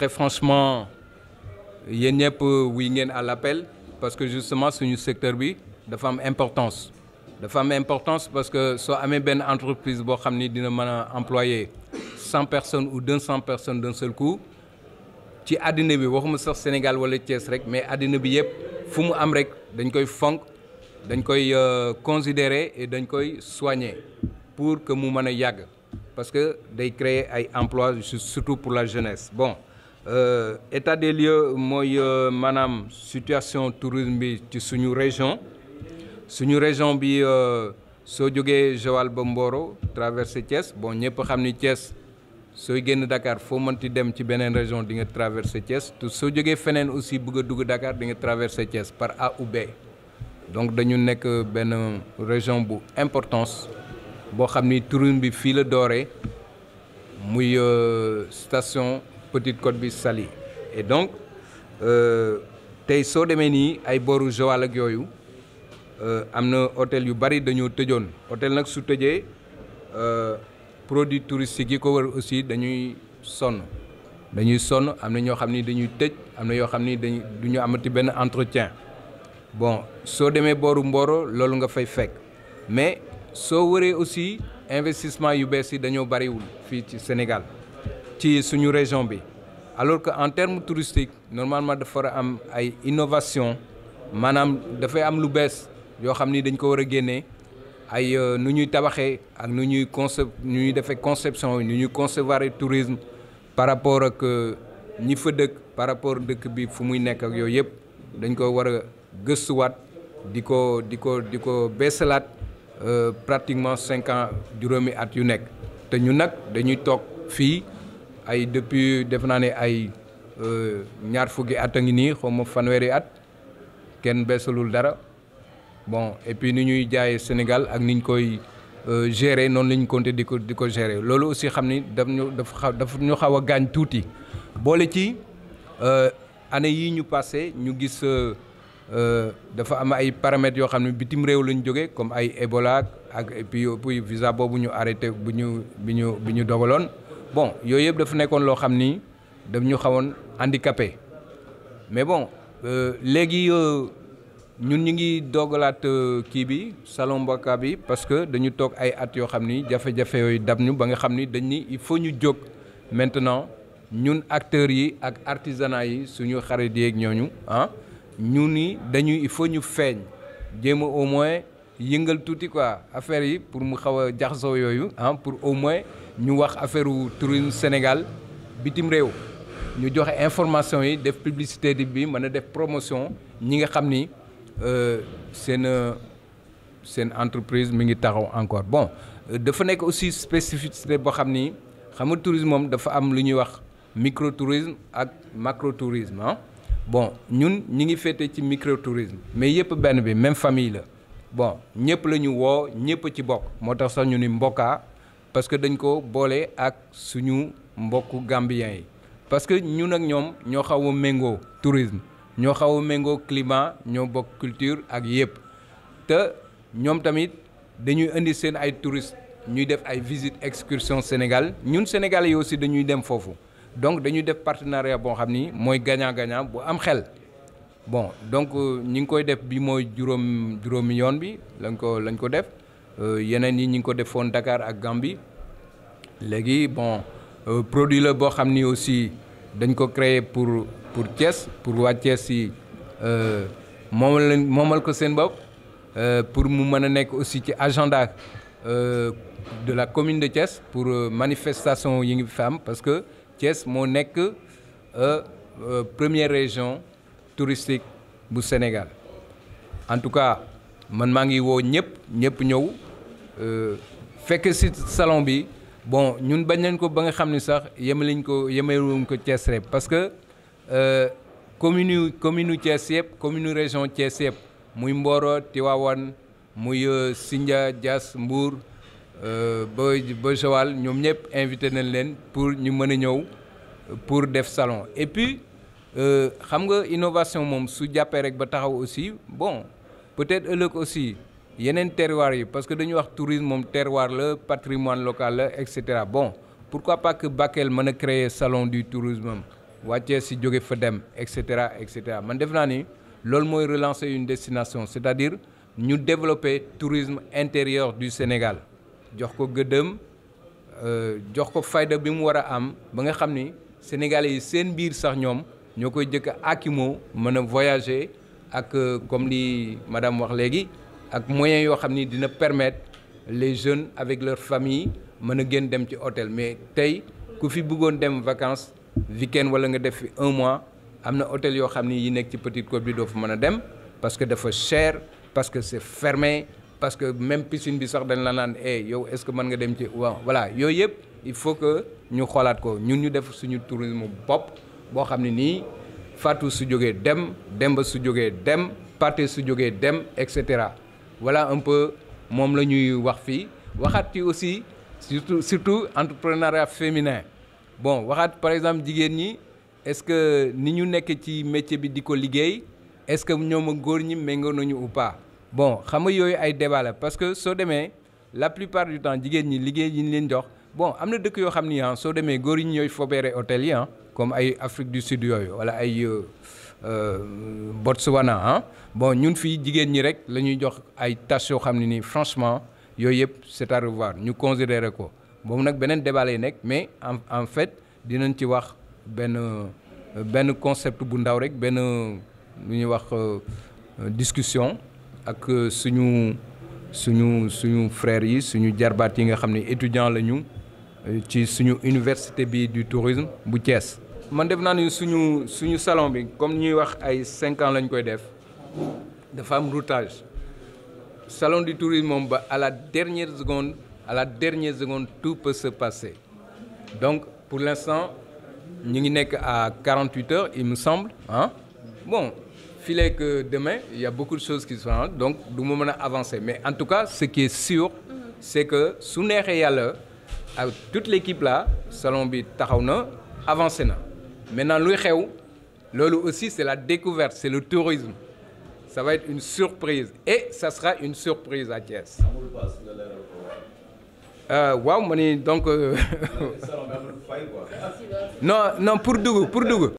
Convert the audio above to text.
très franchement yéen ñëpp wuy ngeen à l'appel parce que justement suñu secteur bi dafa am importance dafa am importance parce que soo amee benn entreprise boo xam ni dina mën a employé cent personnes ou deux cent personnes d'un seul coup ci àddina bi waxuma sax Sénégal wala Thiès rek mais àddina bi yëpp fu mu am rek dañ koy fonk dañ koy euh, considérer et dañ koy soigner pour que mu mën a yàgg parce que day créer ay emplois surtout pour la jeunesse bon Euh, état des lieux mooy euh, maanaam situation tourisme bi ci suñu région suñu région bi euh, soo jógee Joal ba Mboro traversé Thiès bon ñëpp xam ni Thiès sooy génn dakaar foo mënti dem ci beneen région di nga traversé Thiès te soo jógee feneen aussi bëgg a dugg dakaar di nga traversé Thiès par A ou B donc dañu nekk benn région bu importance boo xam ni tourisme bi fii la dooree muy station. petite code bi Saly et donc euh, tey soo demee nii ay booru Joal ak yooyu euh, am na hôtel yu bari dañoo tëjoon hôtel nag su tëjee euh, produits touristiques yi ko wër aussi dañuy sonn dañuy sonn am na ñoo xam ni dañuy tëj am na yoo xam ni dañuy du ñu amati benn entretien bon soo demee booru Mboro loolu nga fay fekk mais soo waree aussi investissement yu bees yi dañoo bariwul fii ci Sénégal ci suñu région bi alors que en terme touristique normalement dafa war a am ay innovation maanaam dafay am lu bees yoo xam ni dañ ko war a génnee ay euh, nu ñuy tabaxee ak nu ñuy concep nu ñuy defee conception nu ñuy concevoir tourisme par rapport ak euh, ñi fa dëkk par rapport dëkk bi fu muy nekk ak yooyu yëpp dañ ko war a gëstuwaat di ko di ko di ko beesalaat euh, pratiquement cinq ans juróomi at yu nekk te ñu nag dañuy toog fii ay depuis def naa ne ay euh, ñaar fukki at a ngi nii xaw ma fanweeri at kenn beesalul dara bon et puis ni ñuy jaayee Sénégal ak ni ñu koy euh, gérer noonu la ñu di ko di ko gérer loolu aussi xam ni daf ñu daf dafa daf ñu xaw a gaañ tuuti. boole ci euh, année yii ñu passé ñu gis dafa am ay paramètres yoo xam ne bitim réew la ñu jógee comme ay Ebola ak et puis visa boobu ñu arrêté bu ñu bi ñu bi ñu dogaloon. bon yooyu yëpp dafa nekkoon loo xam ni daf ñu xawoon handicapé mais bon euh, léegi euh, ñun ñu ngi doogalaat euh, kii bi salon Mboka bi parce que dañu toog ay at yoo xam ni jafe-jafe yooyu dab ñu ba nga xam ni dañ ni il faut ñu jóg maintenant ñun acteurs yi ak artisanat yi suñu xarit yeeg ñooñu ah ñu ni dañuy il faut ñu feeñ jéem a au moins yëngal tuuti quoi affaire yi pour mu xaw a jaxasoo yooyu ah pour au moins ñu wax affaire tourisme Sénégal bitim réew ñu joxe information yi def publicité bi mën a def promotion ñi nga xam ni euh, seen seen entreprise mi ngi taxaw encore bon dafa nekk aussi spécificité boo xam ni xam nga tourisme moom dafa am lu ñuy wax microtourisme ak macrotourisme ah bon ñun ñi ngi féete ci microtourisme mais yëpp benn bi même famille la. bon ñëpp la ñu woo ñëpp ci bokk moo tax sax ñu ni mbokkaa parce que dañ ko boole ak suñu mbokku gambien yi parce que ñun ak ñoom ñoo xaw a méngoo tourisme ñoo xaw a méngoo climat ñoo bokk culture ak yëpp te ñoom tamit dañuy indi seen ay touristes ñuy def ay visite excursion Sénégal ñun sénégal yi aussi dañuy dem foofu donc dañuy def partenariat boo xam ni mooy gagnant gagnant bu am xel bon donc euh, ñi ngi koy def bi mooy juróom juróomi yoon bi lañ ko lañ ko def euh, yeneen yi ñi ngi ko defoon Dakar ak Gambie léegi bon euh, produit la boo xam ni aussi dañ ko créer pour pour Thiès pour waa Thiès yi moomal leen moomal ko seen bopp pour mu mën a nekk aussi ci agenda de la commune de Thiès pour manifestation yi ngi fi am parce que Thiès moo nekk première région. touristique bu Sénégal en tout cas man maa ngi woo ñëpp ñëpp ñëw euh, fekk si salon bi bon ñun bañ nañ ko ba nga xam ni sax yemaliñ ko yemeluñ ko Thiès rek parce que euh, commune commune Thiès yëpp commune région Thiès yëpp muy Mboro Tivaouane muy euh, Sindia Diass Mbour ba ba Joal ñoom ñëpp invité nañ leen pour ñu mën a ñëw pour def salon Euh, xam nga innovation moom su jàppee rek ba taxaw aussi bon peut-être ëllëg aussi yeneen terroir yi parce que dañuy wax tourisme moom terwaar la patrimoine local la et cetera bon pour pas pack Bakel mën a créer salon du tourisme wàccee si jóge fa dem et cetera et cetera man def naa ni loolu mooy relancer une destination c'est-à-dire ñu développer tourisme intérieur du Sénégal jox ko gëddëm euh, jox ko fayda bi mu war a am ba nga xam ni sénégal yi seen biir sax ñoom. ñoo koy jëkk akimoo mën a voyager ak euh, comme li madame wax léegi ak moyens yoo xam nii dina permettre les jeunes avec leur famille mën a gën dem ci hôtel mais tey ku fi buggoon dem vacance weekend wala nga def fi un mois am na hôtel yoo xam ni yi nekk ci petite côte bi doo fa mën a dem parce que dafa cher parce que c'est fermé parce que même piscine bi sax dañ la naan eh yow est-ce que mën nga dem ci waaw voilà yooyu yëpp il faut que ñu xoolaat ko ñun ñu def suñu tourisme bopp boo xam ne nii Fatou su jógee dem Demba su jógee dem Pathé su jógee dem et cetera voilà un moom la ñuy wax fii waxaat ci aussi surtout surtout entrepreneuriat féminin bon waxaat par exemple jigéen ñi est-ce que ni ñu nekk ci métier bi di ko liggéey est-ce que ñoom góor ñi méngoo nañu ou pas bon xam nga yooyu ay débat parce que soo demee la plupart du temps jigéen ñi liggéey yi leen jox. bon am na dëkk yoo xam ni ah soo demee góor yi ñooy fobeere hôtel yi ah, comme ay Afrique du Sud yooyu wala ay euh, euh, Botswana ah bon ñun fii jigéen ñi rek la ñuy jox ay tâches yoo xam ne nii franchement yooyu yëpp c'est à ñu considérer ko moom nag beneen débat lay nekk mais en en fait dinañ ci wax benn benn concept bu ndaw rek benn lu ñuy wax euh, discussion ak suñu suñu suñu frères yi suñu jarbaat yi nga xam ne étudiants lañu. ci suñu université bi du tourisme bu Thiès. man def naa ni suñu suñu salon bi comme ñuy wax ay cinq ans lañ koy def dafa am routage salon du tourisme moom ba à la dernière seconde à la dernière seconde tout peut se passer donc pour l'instant ñu ngi nekk à 48 heures il me semble ah bon fii leeg demain il y a beaucoup de choses qui sont donc du ma mën a avancer mais en tout cas ce qui est sûr c'est que su neexee yàlla ak toute l' équipe là salon bi taxaw na avancé na maintenant luy xew loolu aussi c' est la découverte c' le tourisme ça va être une surprise et ça sera une surprise à Thiès. Euh, waaw ma ni euh, non pour dugg pour dugg.